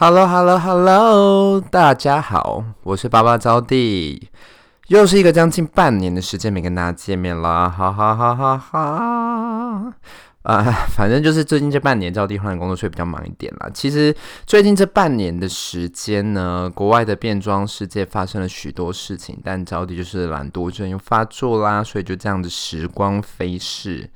Hello Hello Hello，大家好，我是巴巴招弟。又是一個將近半年的時間沒跟大家見面啦，哈哈哈哈哈，哈！啊、呃，反正就是最近這半年，招弟換工作，所以比較忙一點啦。其實最近這半年的時間呢，國外的變裝世界發生了許多事情，但招弟就是懶惰症又、就是、發作啦，所以就這樣子，時光飛逝。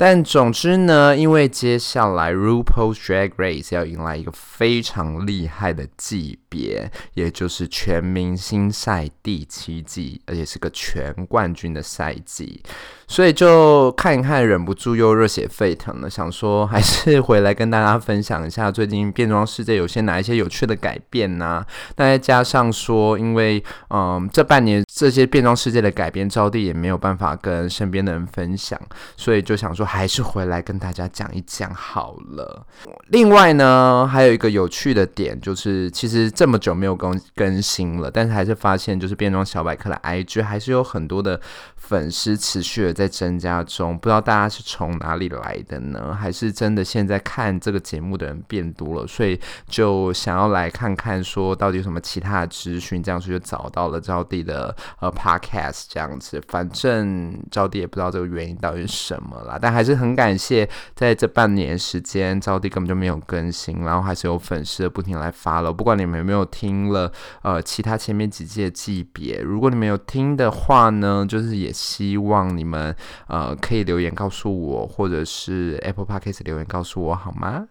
但總之呢，因為接下來《RuPaul's Drag Race》要迎來一個非常厲害的季別，也就是全明星賽第七季，而且是個全冠軍的賽季，所以就看一看，忍不住又熱血沸騰了。想說還是回來跟大家分享一下最近變裝世界有些哪一些有趣的改變吶、啊。那再加上說，因為嗯，這半年這些變裝世界的改變，招弟也沒有辦法跟身邊的人分享，所以就想說。還是回來跟大家講一講好了。另外呢，還有一個有趣的點就是，其實這麼久沒有更更新了，但是還是發現，就是變裝小百科的 IG 還是有很多的粉絲持續的在增加中。不知道大家是從哪裡來的呢？還是真的現在看這個節目的人變多了，所以就想要來看看說到底有什麼其他的資訊，這樣子就找到了招弟的呃 Podcast 這樣子。反正招弟也不知道這個原因到底是什麼啦，但。還是很感謝，在這半年時間，招弟根本就沒有更新，然後還是有粉絲的不停來發了。不管你們有沒有聽了，呃，其他前面幾季的季別，如果你們有聽的話呢，就是也希望你們呃可以留言告訴我，或者是 Apple Podcast 留言告訴我，好嗎？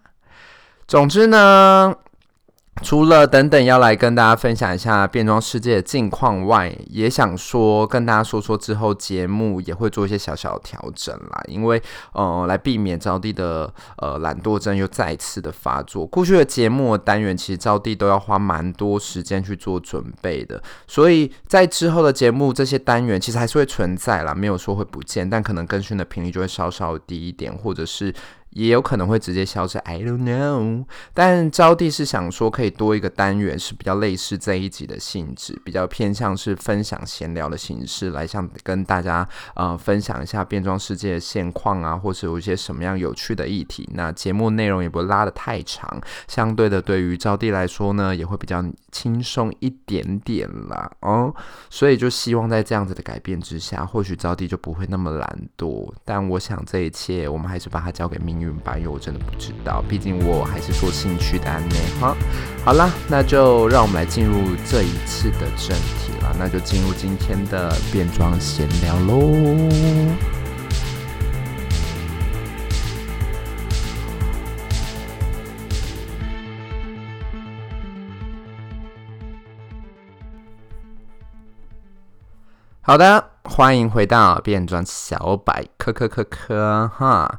總之呢。除了等等要來跟大家分享一下變裝世界的近況外，也想說跟大家說說之後節目也會做一些小小的調整啦。因為呃，來避免招弟的呃懶惰症又再次的發作。過去的節目的單元其實招弟都要花蠻多時間去做準備的，所以在之後的節目這些單元其實還是會存在啦，沒有說會不見，但可能更新的頻率就會稍稍低一點，或者是。也有可能會直接消失，I don't know。但招弟是想說，可以多一個單元，是比較類似這一集的性質，比較偏向是分享閒聊的形式，來向跟大家呃分享一下變裝世界的現況啊，或是有一些什麼樣有趣的議題。那節目內容也不會拉得太長，相對的，對於招弟來說呢，也會比較輕鬆一點點啦。哦。所以就希望在這樣子的改變之下，或許招弟就不會那麼懶惰。但我想，這一切我們還是把它交給明。因為版友，我真的不知道，畢竟我還是做興趣的呢。好，好了，那就讓我們來進入這一次的正題了。那就進入今天的變裝閒聊嘍。好的，歡迎回到變裝小百科，科科科科哈。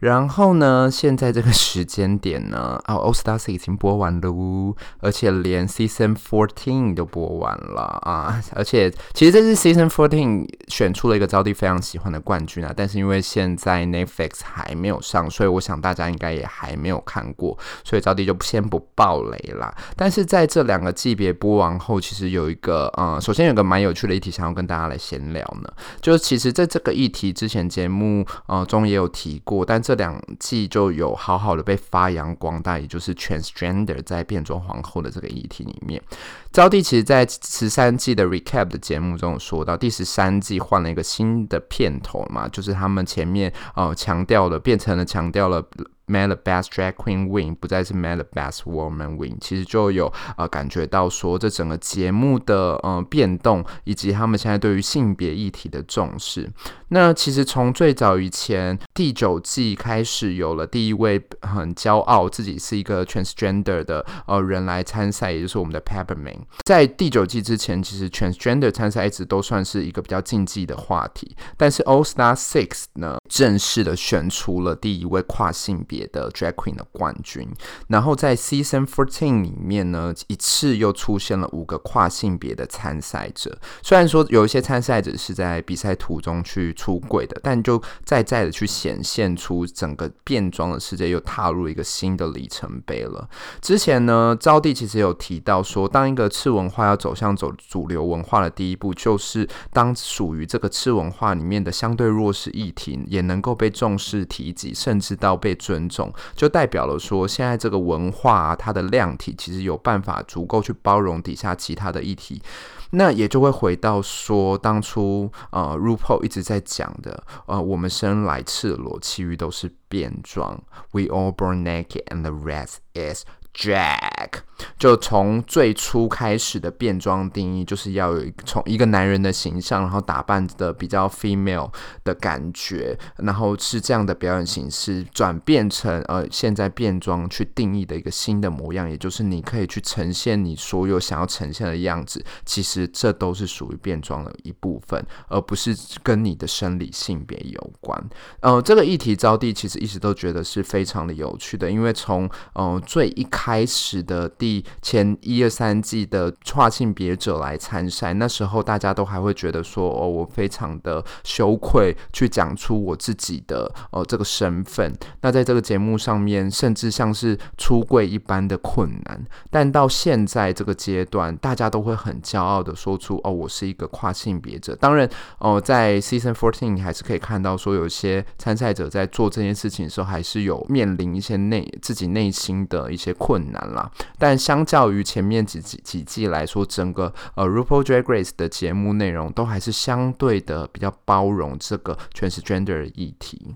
然後呢，現在這個時間點呢，啊、哦，《All Stars》已經播完了，而且連 Season Fourteen 都播完了啊！而且其實這是 Season Fourteen 選出了一個招弟非常喜歡的冠軍啊。但是因為現在 Netflix 還沒有上，所以我想大家應該也還沒有看過，所以招弟就先不爆雷啦，但是在這兩個季別播完後，其實有一個呃、嗯，首先有一個蠻有趣的議題想要跟大家來閒聊呢，就是其實在這個議題之前節目呃中、嗯、也有提過，但是這兩季就有好好的被發揚光大，也就是 transgender 在變裝皇後的這個議題裡面。招弟其實，在十三季的 recap 的節目中有說到，第十三季換了一個新的片頭嘛，就是他們前面呃強調了，變成了強調了 “may the best drag queen win”，不再是 “may the best woman win”。其實就有呃感覺到說，這整個節目的呃變動，以及他們現在對於性別議題的重視。那其實從最早以前第九季開始，有了第一位很驕傲自己是一個 transgender 的呃人來參賽，也就是我們的 Peppermint。在第九季之前，其實 transgender 參賽一直都算是一個比較禁忌的話題。但是 All Star Six 呢正式的選出了第一位跨性別的 drag queen 的冠軍。然後在 Season Fourteen 裡面呢，一次又出現了五個跨性別的參賽者。雖然說有一些參賽者是在比賽途中去出櫃的，但就再再的去顯現出整個變裝的世界又踏入一個新的里程碑了。之前呢，招弟其實有提到說，當一個次文化要走向走主流文化的第一步，就是當屬於這個次文化裡面的相對弱勢議題，也能夠被重視提及，甚至到被尊重，就代表了說，現在這個文化、啊、它的量體其實有辦法足夠去包容底下其他的議題，那也就會回到說，當初呃 RuPaul 一直在講的，呃我們生來赤裸，其餘都是變裝，We all born naked and the rest is Drag 就從最初開始的變裝定義，就是要有一個從一個男人的形象，然後打扮的比較 female 的感覺，然後是這樣的表演形式轉變成呃現在變裝去定義的一個新的模樣，也就是你可以去呈現你所有想要呈現的樣子。其實這都是屬於變裝的一部分，而不是跟你的生理性別有關。嗯，這個議題招弟其實一直都覺得是非常的有趣的，因為從嗯、呃、最一開開始的第前一二三季的跨性別者來參賽，那時候大家都還會覺得說，哦，我非常的羞愧去講出我自己的，呃，這個身份。那在這個節目上面，甚至像是出櫃一般的困難。但到現在這個階段，大家都會很驕傲的說出，哦，我是一個跨性別者。當然，哦、呃，在 Season Fourteen 還是可以看到說，有些參賽者在做這件事情的時候，還是有面臨一些內，自己內心的一些困難。困難啦，但相較於前面幾幾幾季來說，整個呃 RuPaul's Drag Race 的節目內容都還是相對的比較包容這個 transgender 的議題。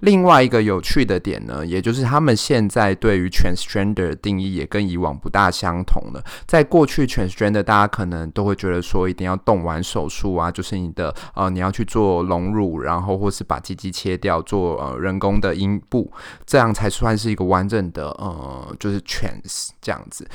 另外一個有趣的點呢，也就是他們現在對於 transgender 的定義也跟以往不大相同了。在過去，transgender 大家可能都會覺得說，一定要動完手術啊，就是你的呃，你要去做隆乳，然後或是把雞雞切掉，做、呃、人工的陰部，這樣才算是一個完整的呃，就是 trans 這樣子。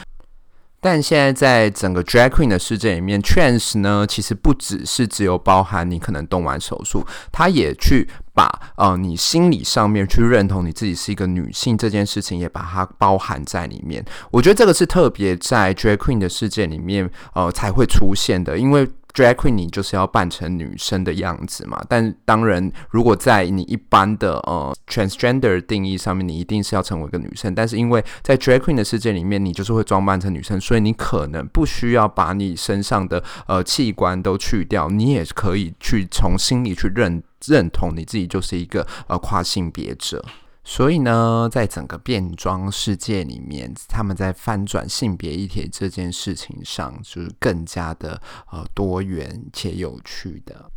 但現在在整個 drag queen 的世界裡面 trans 呢，其實不只是只有包含你可能動完手術，他也去把呃，你心理上面去認同你自己是一個女性這件事情也把它包含在裡面。我覺得這個是特別在 drag queen 的世界裡面呃才會出現的，因為。Drag queen，你就是要扮成女生的樣子嘛？但當然，如果在你一般的呃 transgender 定義上面，你一定是要成為一個女生。但是因為，在 drag queen 的世界裡面，你就是會裝扮成女生，所以你可能不需要把你身上的呃器官都去掉，你也可以去從心裡去認認同你自己就是一個呃跨性別者。所以呢，在整個變裝世界裡面，他們在翻轉性別議題這件事情上，就是更加的呃多元且有趣的。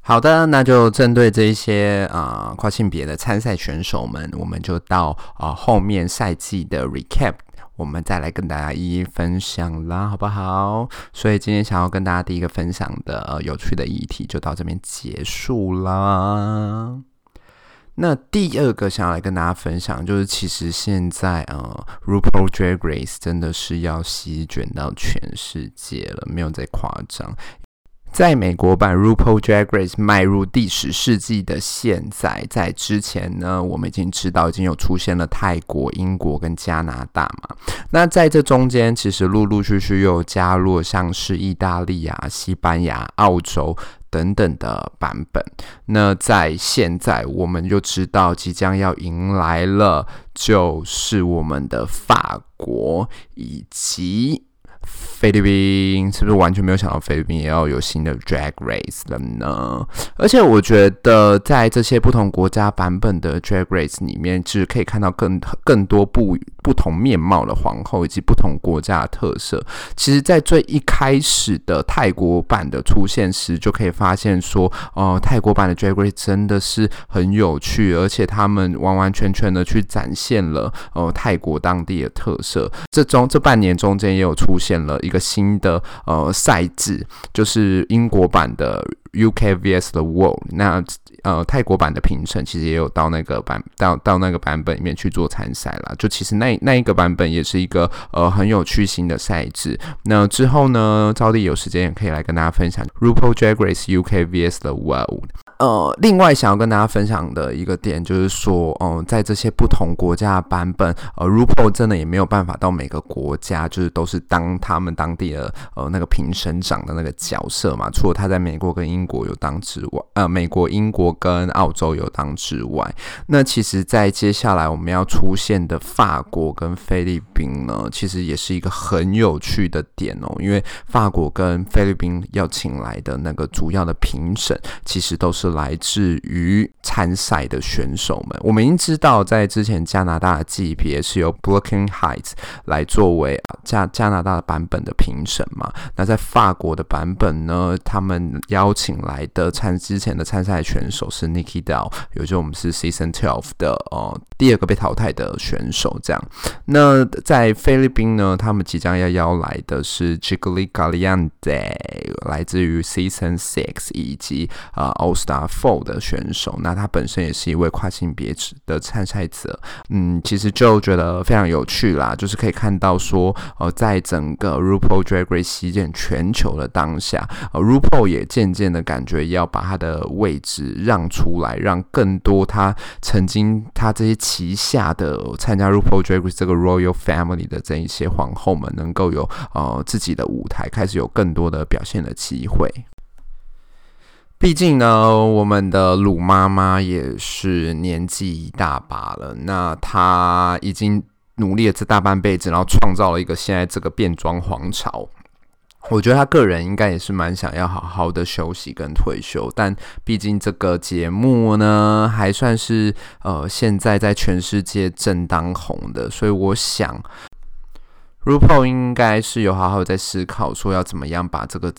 好的，那就針對這一些啊、呃、跨性別的參賽選手們，我們就到啊、呃、後面賽季的 recap，我們再來跟大家一一分享啦，好不好？所以今天想要跟大家第一個分享的呃有趣的議題，就到這邊結束啦。那第二個想要來跟大家分享，就是其實現在呃，RuPaul Drag Race 真的是要席捲到全世界了，沒有再誇張。在美國版《RuPaul Drag Race》邁入第十世紀的現在，在之前呢，我們已經知道已經有出現了泰國、英國跟加拿大嘛。那在這中間，其實陸陸續續又加入了像是意大利啊、西班牙、澳洲等等的版本。那在現在，我們就知道即將要迎來了，就是我們的法國以及。菲律賓？是不是完全沒有想到菲律賓也要有新的 Drag Race 了呢？而且我覺得在這些不同國家版本的 Drag Race 裡面，其、就、實、是、可以看到更更多不不同面貌的皇後，以及不同國家的特色。其實，在最一開始的泰國版的出現時，就可以發現說，哦、呃，泰國版的 Drag Race 真的是很有趣，而且他們完完全全的去展現了呃，泰國當地的特色。這中這半年中間也有出現。了一個新的呃賽制，就是英國版的 U.K.V.S. 的 World，那呃泰國版的評審其實也有到那個版到到那個版本裡面去做參賽了。就其實那那一個版本也是一個呃很有趣新的賽制。那之後呢，招弟有時間也可以來跟大家分享 RuPaul's Drag Race U.K.V.S. 的 World。呃，另外想要跟大家分享的一個點就是說，哦、呃，在這些不同國家的版本，呃，RuPaul 真的也沒有辦法到每個國家就是都是當他們當地的呃那個評審長的那個角色嘛。除了他在美國跟英國國有當之外，呃，美國、英國跟澳洲有當之外，那其實，在接下來我們要出現的法國跟菲律賓呢，其實也是一個很有趣的點哦、喔，因為法國跟菲律賓要請來的那個主要的評審，其實都是來自於參賽的選手們。我們已經知道，在之前加拿大的級別是由 Brooke Lynn Hytes 來作為加加拿大的版本的評審嘛，那在法國的版本呢，他們邀請。來的參之前的參賽選手是 Nicky Doll 也就是我們是 Season Twelve 的呃第二個被淘汰的選手。這樣，那在菲律賓呢，他們即將要邀來的是 Jiggly Caliente，來自於 Season Six 以及啊、呃、All Star Four 的選手。那他本身也是一位跨性別的參賽者。嗯，其實就覺得非常有趣啦，就是可以看到說呃，在整個 RuPaul Drag Race 席捲全球的當下，呃，RuPaul 也漸漸的。的感覺要把她的位置讓出來，讓更多她曾經她這些旗下的參加 RuPaul's Drag Race 這個 Royal Family 的這一些皇後們能夠有呃自己的舞台，開始有更多的表現的機會。畢竟呢，我們的魯媽媽也是年紀一大把了，那她已經努力了這大半輩子，然後創造了一個現在這個變裝皇朝。我覺得他個人應該也是蠻想要好好的休息跟退休，但畢竟這個節目呢還算是呃現在在全世界正當紅的，所以我想 RuPaul 應該是有好好在思考說要怎麼樣把這個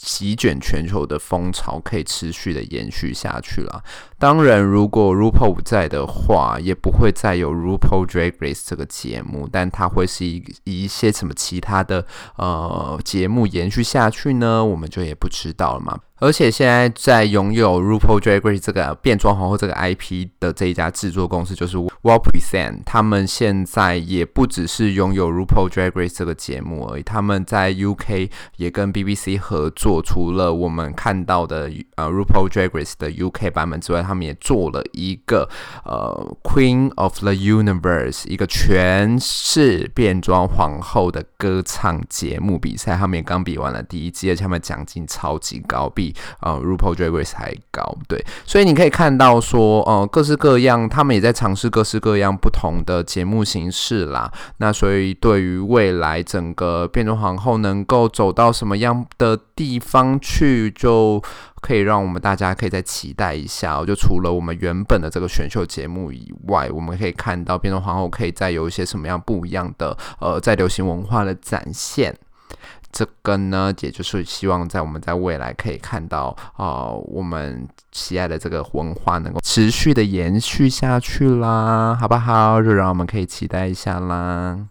席捲全球的風潮可以持續的延續下去了。當然，如果 RuPaul 不在的話，也不會再有 RuPaul Drag Race 這個節目，但它會是一一些什麼其他的呃節目延續下去呢？我們就也不知道了嘛。而且現在在擁有 RuPaul Drag Race 這個變裝皇後這個 IP 的這一家制作公司，就是 Well Present，他們現在也不只是擁有 RuPaul Drag Race 這個節目而已。他們在 UK 也跟 BBC 合作，除了我們看到的呃 RuPaul Drag Race 的 UK 版本之外，他們也做了一個呃 Queen of the Universe，一個全是變裝皇後的歌唱節目比賽。他們也剛比完了第一季，而且他們獎金超級高，比。呃，RuPaul Drag Race 還高，對，所以你可以看到說，呃，各式各樣，他們也在嘗試各式各樣不同的節目形式啦。那所以對於未來整個變裝皇后能夠走到什麼樣的地方去，就可以讓我們大家可以再期待一下喔。就除了我們原本的這個選秀節目以外，我們可以看到變裝皇后可以再有一些什麼樣不一樣的，呃，在流行文化的展現。這個呢，也就是希望在我們在未來可以看到，呃，我們喜愛的這個文化能夠持續的延續下去啦，好不好？就讓我們可以期待一下啦。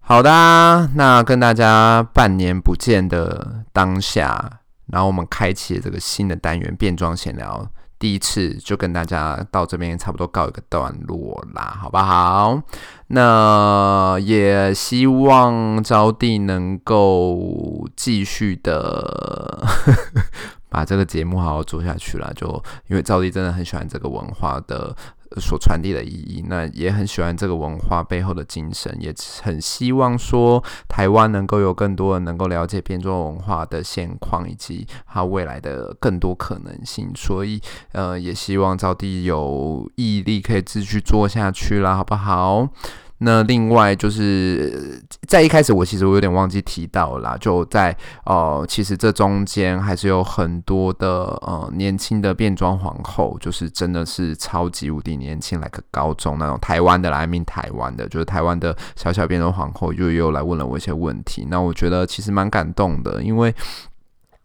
好的，那跟大家半年不見的當下，然後我們開啟這個新的單元——變裝閒聊。第一次就跟大家到這邊差不多告一個段落啦，好不好？那也希望招弟能夠繼續的 把這個節目好好做下去啦。就因為招弟真的很喜歡這個文化的。所傳遞的意義，那也很喜歡這個文化背後的精神，也很希望說台灣能夠有更多人能夠了解變裝文化的現況以及它未來的更多可能性，所以呃，也希望招弟有毅力可以繼續做下去了，好不好？那另外就是在一開始，我其實我有點忘記提到啦。就在哦、呃，其實這中間還是有很多的呃年輕的變裝皇後，就是真的是超級無敵年輕，來個高中那種台灣的啦，I mean，台灣的，就是台灣的小小變裝皇後，就又，又來問了我一些問題。那我覺得其實蠻感動的，因為。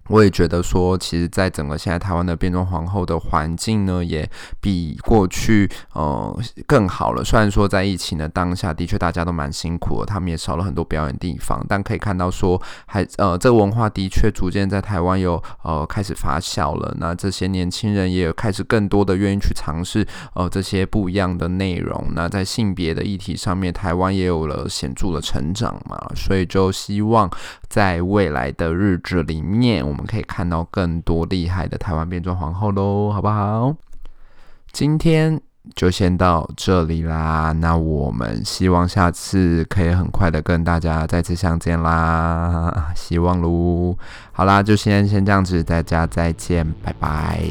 我也覺得說，其實，在整個現在台灣的變裝皇後的環境呢，也比過去呃更好了。雖然說在疫情的當下，的確大家都蠻辛苦的，他們也少了很多表演地方，但可以看到說，還呃這個文化的確逐漸在台灣有呃開始發酵了。那這些年輕人也有開始更多的願意去嘗試呃這些不一樣的內容。那在性別的議題上面，台灣也有了顯著的成長嘛，所以就希望在未來的日子裡面，我們我們可以看到更多厲害的台灣變裝皇后嘍，好不好？今天就先到這裡啦。那我們希望下次可以很快的跟大家再次相見啦，希望嘍。好啦，就先先這樣子，大家再見，拜拜。